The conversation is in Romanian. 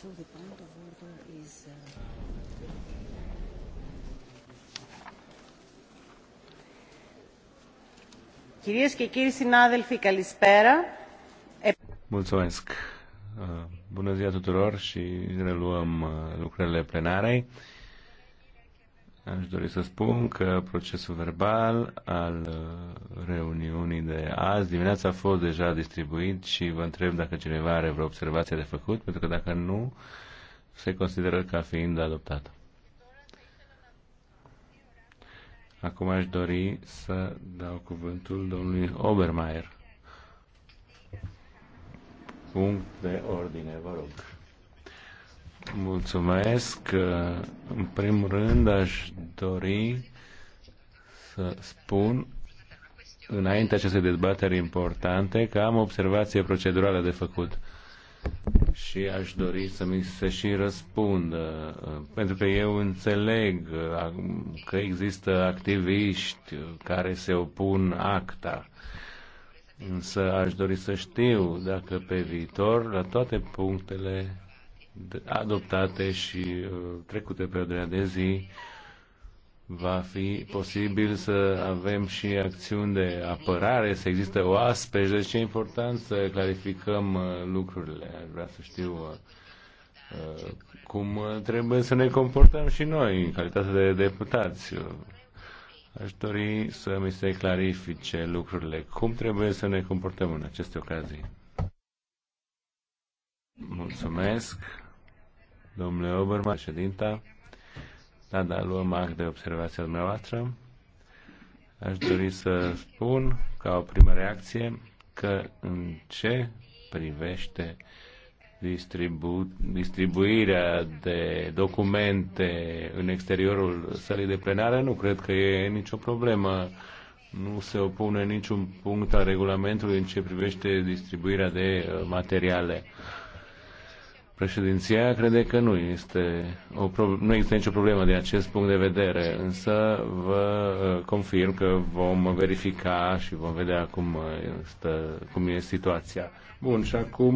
So the point of order is. Uh, Κυρίες και κύριοι συνάδελφοι, καλησπέρα. Mulțumesc. Uh, bună ziua tuturor și reluăm uh, lucrările plenarei. Aș dori să spun că procesul verbal al reuniunii de azi. Dimineața a fost deja distribuit și vă întreb dacă cineva are vreo observație de făcut, pentru că dacă nu, se consideră ca fiind adoptat. Acum aș dori să dau cuvântul domnului Obermeier. Punct de ordine, vă rog. Mulțumesc. În primul rând aș dori să spun înainte acestei dezbateri importante că am observație procedurală de făcut și aș dori să mi se și răspundă, pentru că eu înțeleg uh, că există activiști care se opun acta, însă aș dori să știu dacă pe viitor, la toate punctele adoptate și uh, trecute pe o de zi, va fi posibil să avem și acțiuni de apărare, să există o aspeș, deci e important să clarificăm uh, lucrurile. Aș vrea să știu uh, uh, cum trebuie să ne comportăm și noi în calitate de deputați. Aș dori să mi se clarifice lucrurile. Cum trebuie să ne comportăm în aceste ocazii? Mulțumesc, domnule Oberman, ședinta. Da, da, luăm act de observația dumneavoastră. Aș dori să spun, ca o primă reacție, că în ce privește distribu- distribuirea de documente în exteriorul sălii de plenare, nu cred că e nicio problemă. Nu se opune niciun punct al regulamentului în ce privește distribuirea de uh, materiale. Președinția crede că nu, este o nu există nicio problemă de acest punct de vedere, însă vă uh, confirm că vom verifica și vom vedea cum, uh, stă, cum e situația. Bun, și acum.